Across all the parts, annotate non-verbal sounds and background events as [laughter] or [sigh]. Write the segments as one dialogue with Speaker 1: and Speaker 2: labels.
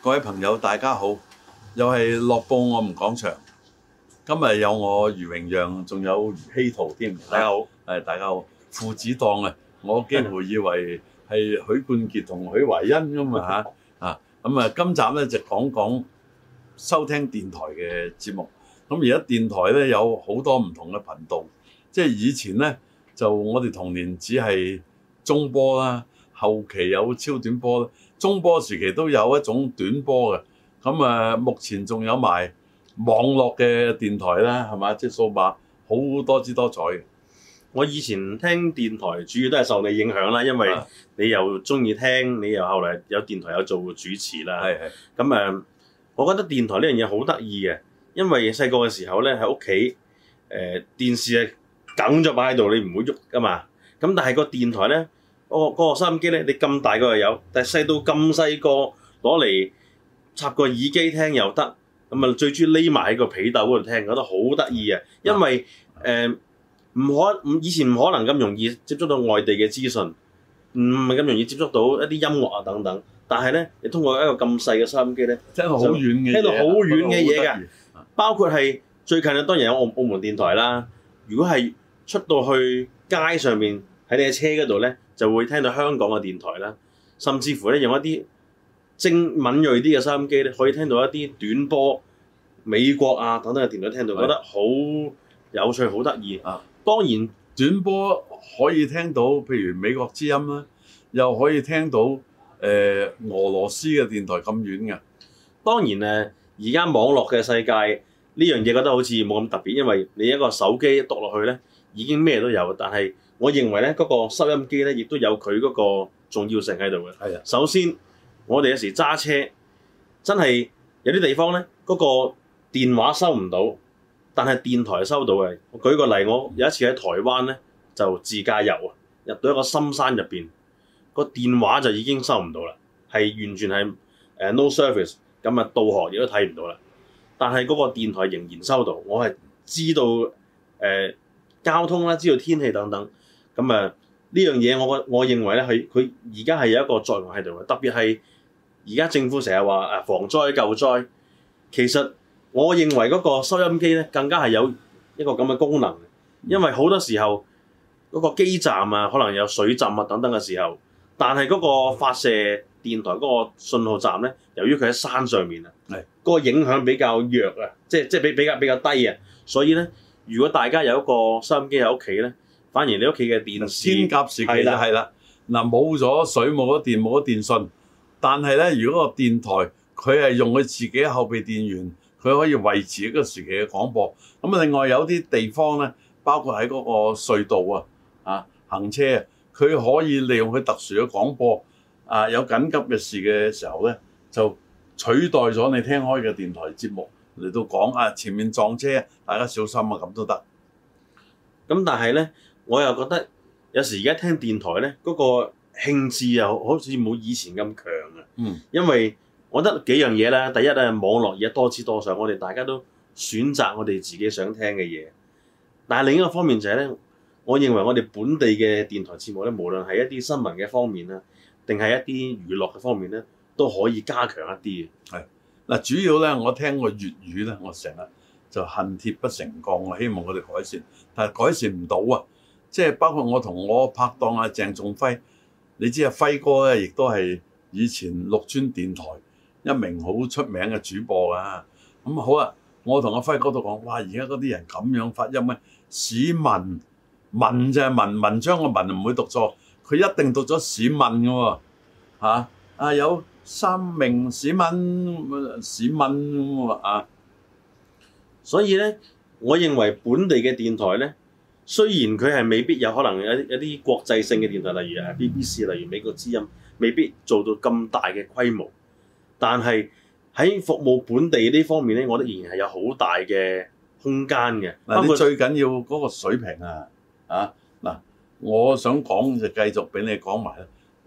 Speaker 1: 各位朋友，大家好，又係樂報我們講場，今日有我余榮陽，仲有余希圖添。大家好，誒、啊，大家好，父子檔啊，我幾乎以為係許冠傑同許懷欣咁嘛？吓啊的，咁啊，今集咧就講講收聽電台嘅節目。咁而家電台咧有好多唔同嘅頻道，即係以前咧。就我哋童年只係中波啦，後期有超短波，中波時期都有一種短波嘅。咁啊，目前仲
Speaker 2: 有埋網絡嘅電台啦，係咪？即係數碼好多姿多彩嘅。我以前聽電台主要都係受你影響啦，因為你又中意聽，啊、你又後嚟有電台有做主持啦。係係是。咁啊，我覺得電台呢樣嘢好得意嘅，因為細個嘅時候咧，喺屋企誒電視啊。梗咗埋喺度，你唔會喐噶嘛？咁但係個電台咧，嗰、嗰個嗰個收音機咧，你咁大個又有，但係細到咁細個攞嚟插個耳機聽又得。咁啊，最鍾意匿埋喺個被竇嗰度聽，覺得好得意啊！因為誒唔的、呃、可，以前唔可能咁容易接觸到外地嘅資訊，唔係咁容易接觸到一啲音樂啊等等。但係咧，你通過一個咁細嘅收音機咧，聽到好遠嘅嘢，聽到好遠嘅嘢㗎，包括係最近啊，當然有澳澳門電台啦。如果係出到去街上面，喺你嘅車嗰度咧，就會聽到香港嘅電台啦。甚至乎咧，用一啲精敏銳啲嘅收音機咧，可以聽到一啲短波美國啊等等嘅電台，聽到的覺得好有趣、好得意。啊，當
Speaker 1: 然短波可以聽到，譬如美國之音啦，又可以聽到
Speaker 2: 誒、呃、俄羅斯嘅電台咁遠嘅。當然誒而家網絡嘅世界呢樣嘢覺得好似冇咁特別，因為你一個手機篤落去咧。已經咩都有，但係我認為咧，嗰個收音機咧，亦都有佢嗰個重要性喺度嘅。係啊的，首先我哋有時揸車，真係有啲地方咧，嗰個電話收唔到，但係電台收到嘅。我舉個例，我有一次喺台灣咧，就自駕遊啊，入到一個深山入邊，個電話就已經收唔到啦，係完全係誒 no service 咁啊，導航亦都睇唔到啦，但係嗰個電台仍然收到，我係知道誒。呃交通啦，知道天氣等等，咁啊呢樣嘢，事我我認為咧，佢佢而家係有一個作用喺度嘅。特別係而家政府成日話誒防災救災。其實我認為嗰個收音機咧，更加係有一個咁嘅功能。因為好多時候嗰個基站啊，可能有水浸啊等等嘅時候，但係嗰個發射電台嗰個信號站咧，由於佢喺山上面啊，係嗰是個影響比較弱啊，即係即比比較比較低啊，所以咧。如果大家有一個收音機喺屋企咧，反而你屋企嘅電視緊急時期就係啦。嗱的，冇咗水，冇咗電，
Speaker 1: 冇咗電信，但係咧，如果個電台佢係用佢自己後備電源，佢可以維持一個時期嘅廣播。咁啊，另外有啲地方咧，包括喺嗰個隧道啊、啊行車啊，佢可以利用佢特殊嘅廣播啊，有緊急嘅事嘅時候咧，就取代咗你聽開嘅電台節目。
Speaker 2: 嚟到講啊，前面撞車，大家小心啊，咁都得。咁但係咧，我又覺得有時而家聽電台咧，嗰個興致又好似冇以前咁強啊。嗯。因為我覺得幾樣嘢啦，第一咧，網絡而家多姿多樣，我哋大家都選擇我哋自己想聽嘅嘢。但係另一個方面就係咧，我認為我哋本地嘅電台節目咧，無論係一啲新聞嘅方面啦，定係一啲娛樂嘅方面咧，都可以加強一啲嘅。係。嗱，主要咧，我聽過
Speaker 1: 粵語咧，我成日就恨鐵不成鋼，我希望佢哋改善，但改善唔到啊！即係包括我同我拍檔阿鄭仲輝，你知阿、啊、輝哥咧，亦都係以前綠邨電台一名好出名嘅主播啊。咁好啊，我同阿輝哥都講，哇！而家嗰啲人咁樣發音咩，市民文就係文文章嘅文唔會讀錯，佢一定讀咗市民㗎喎
Speaker 2: 吓，啊有。三名市民，市民啊，所以咧，我認為本地嘅電台咧，雖然佢係未必有可能有一啲國際性嘅電台，例如啊 BBC，例如美國之音，未必做到咁大嘅規模，但係喺服務本地呢方面咧，我覺得仍然係有好大嘅空間嘅。嗱，你最緊要嗰個水平啊，
Speaker 1: 啊嗱，我想講就繼續俾你講埋啦。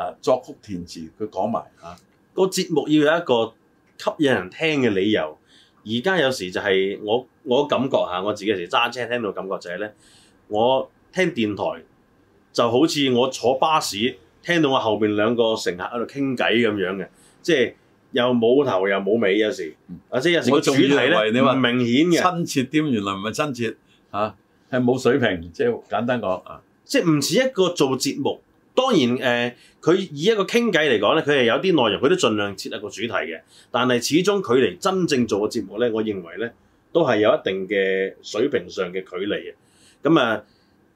Speaker 1: 啊，作曲填
Speaker 2: 詞佢講埋嚇，個節、啊、目要有一個吸引人聽嘅理由。而家有時就係我我感覺嚇，我自己有時揸車聽到嘅感覺就係咧，我聽電台就好似我坐巴士聽到我後邊兩個乘客喺度傾偈咁樣嘅，即係又冇頭又冇尾有時，或者、嗯、有時個主題咧唔明顯嘅，親切啲，原來唔係親切嚇，係、啊、冇水平，嗯、即係簡單講啊，即係唔似一個做節目。當然，誒、呃、佢以一個傾偈嚟講咧，佢係有啲內容，佢都盡量設立個主題嘅。但係始終距離真正做嘅節目咧，我認為咧都係有一定嘅水平上嘅距離嘅。咁、嗯、啊，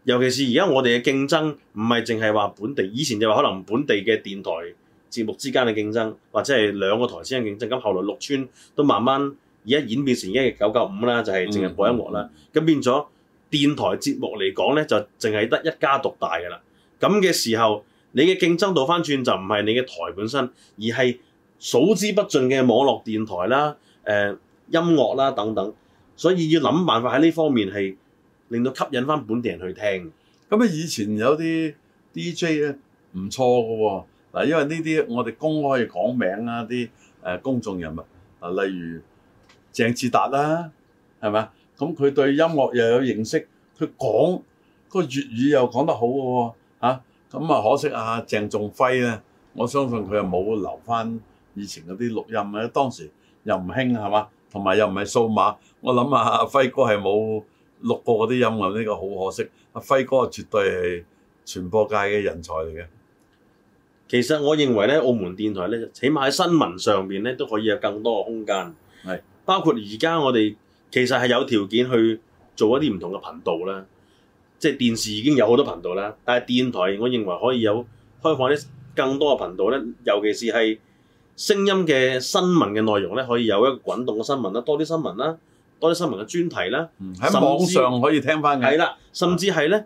Speaker 2: 尤其是而家我哋嘅競爭唔係淨係話本地，以前就話可能本地嘅電台節目之間嘅競爭，或者係兩個台先嘅競爭。咁後來六村都慢慢而家演變成一九九五啦，就係淨係播音樂啦。咁、嗯嗯、變咗電台節目嚟講咧，就淨係得一家獨大㗎啦。咁嘅時候，你嘅競爭度翻轉就唔係你嘅台本身，而係數之不盡嘅網絡電台啦、誒、呃、音樂啦等等。所以要諗辦法喺呢方面係令到吸引翻本地人去聽。咁啊，以前有啲 DJ 咧唔錯㗎喎嗱，因為呢
Speaker 1: 啲我哋公開講名啊啲公眾人物啊，例如鄭智達啦，係咪？咁佢對音樂又有認識，佢講嗰個粵語又講得好喎。啊，咁啊可惜啊，鄭仲輝咧，我相信佢又冇留翻以前嗰啲錄音啊，當時又唔興係嘛，同埋又唔係數碼，我諗啊輝哥係冇錄過嗰啲音樂，呢個好可惜。阿
Speaker 2: 輝哥啊，絕對係傳播界嘅人才嚟嘅。其實我認為咧，澳門電台咧，起碼喺新聞上邊咧都可以有更多嘅空間。係，包括而家我哋其實係有條件去做一啲唔同嘅頻道啦。即係電視已經有好多頻道啦，但係電台我認為可以有開放啲更多嘅頻道咧，尤其是係聲音嘅新聞嘅內容咧，可以有一個滾動嘅新聞啦，多啲新聞啦，多啲新聞嘅專題啦，喺網上至可以聽翻嘅。係啦，甚至係咧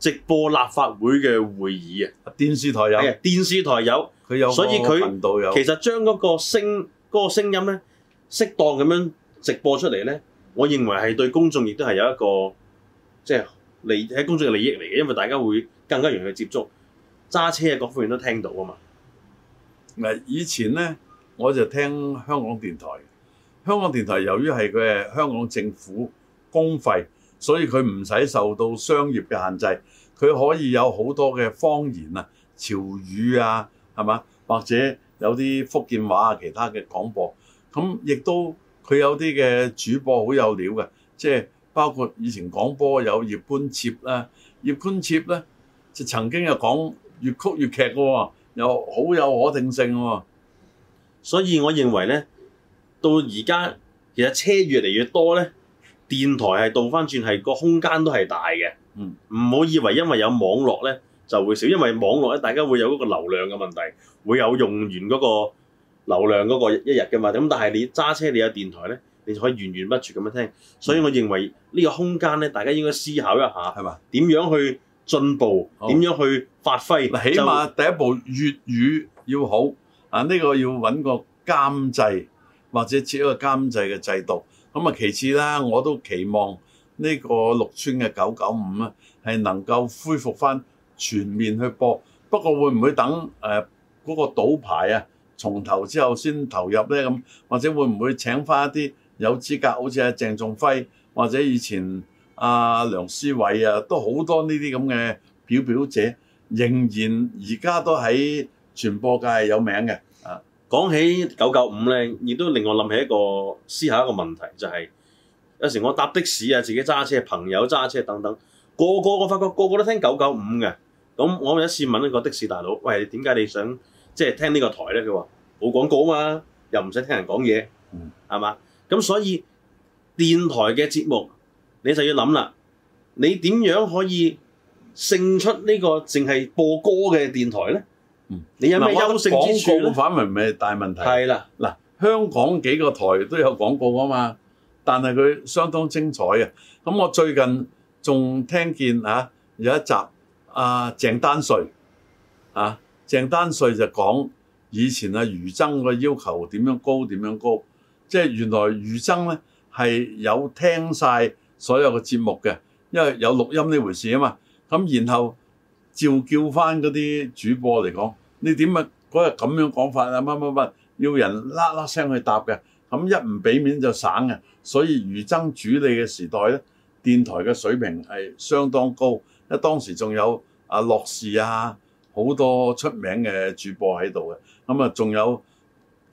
Speaker 2: 直播立法會嘅會議啊，電視台有，電視台有，佢有，所以佢其實將嗰個聲嗰個聲音咧適當咁樣直播出嚟咧，我認為係對公眾亦都係有一個即係。就是利喺工作嘅利益嚟嘅，因為大家會更加容易去接觸，揸車嘅各方面都聽到啊嘛。嗱，以前呢，我就聽香港電台，香港電台由於
Speaker 1: 係佢嘅香港政府公費，所以佢唔使受到商業嘅限制，佢可以有好多嘅方言啊、潮語啊，係嘛？或者有啲福建話啊、其他嘅廣播，咁亦都佢有啲嘅主播好有料嘅，即係。包括以前廣播有葉冠切咧，葉冠切咧就曾經有講粵曲粵劇嘅喎，又好有可
Speaker 2: 定性喎。所以我認為咧，到而家其實車越嚟越多咧，電台係倒翻轉係個空間都係大嘅。嗯，唔好以為因為有網絡咧就會少，因為網絡咧大家會有嗰個流量嘅問題，會有用完嗰個流量嗰個一日嘅嘛。咁但係你揸車你有電台咧。你就可以源源不絕咁樣聽，所以我認為呢個空間呢，大家應該思考一下，係嘛吧？點樣
Speaker 1: 去進步？
Speaker 2: 點好樣去發揮？起碼
Speaker 1: 第一步粵語要好啊！呢、這個要揾個監製，或者設一個監製嘅制度。咁啊，其次啦，我都期望呢個六村嘅九九五啊，係能夠恢復翻全面去播。不過會唔會等誒嗰、呃那個賭牌啊，從頭之後先投入呢？咁，或者會唔會請翻一啲？有資格好似阿鄭仲輝或者以前阿、啊、梁思偉啊，都好多呢啲咁嘅表表姐，仍然而家都喺傳播界
Speaker 2: 有名嘅。啊，講起九九五咧，亦都令我諗起一個思考一個問題，就係、是、有時我搭的士啊，自己揸車、朋友揸車等等，個個我發覺個個都聽九九五嘅。咁我有一次問一個的士大佬，喂，點解你想即係、就是、聽呢個台咧？佢話冇廣告啊嘛，又唔使聽人講嘢，係嘛、嗯？咁所以電台嘅節目，你就要諗啦，你點樣可以勝出呢個淨係播歌嘅電台呢？嗯，你有咩優勝之處、嗯、我廣告
Speaker 1: 反問唔係大問題。係啦的，嗱，香港幾個台都有廣告啊嘛，但係佢相當精彩嘅、啊。咁、嗯、我最近仲聽見啊，有一集阿鄭、啊、丹瑞。啊，鄭丹瑞就講以前阿、啊、余爭個要求點樣高點樣高，即係原來余增呢係有聽晒所有嘅節目嘅，因為有錄音呢回事啊嘛。咁然後召叫翻嗰啲主播嚟講，你點啊？嗰日咁樣講法啊乜乜乜，要人啦啦聲去答嘅。咁一唔俾面就省嘅。所以余增主理嘅時代呢，電台嘅水平係相當高，當時當時仲有啊樂視啊，好多出名嘅主播喺度嘅。咁啊，仲有。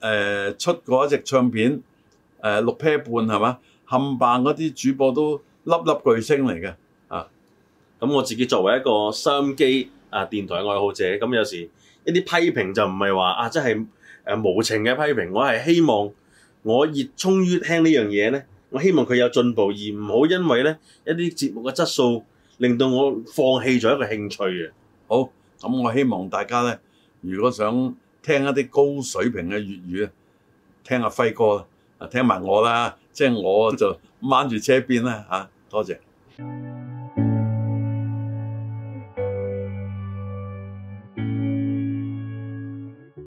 Speaker 1: 誒、呃、出過一隻唱片，誒、呃、六 pair 半係嘛，冚唪唥嗰啲主播都粒粒巨星嚟嘅，
Speaker 2: 啊，咁我自己作為一個收音機啊電台愛好者，咁有時一啲批評就唔係話啊，即係誒無情嘅批評，我係希望我熱衷於聽呢樣嘢咧，我希望佢有進步，而唔好因為咧一啲節目嘅質素令到我放棄咗一個興趣嘅。好，咁我希望大家咧，如果想，
Speaker 1: 聽一啲高水平嘅粵語啊！聽阿輝哥啊，聽埋我啦，即係我就掹住 [laughs] 車邊啦嚇，多謝。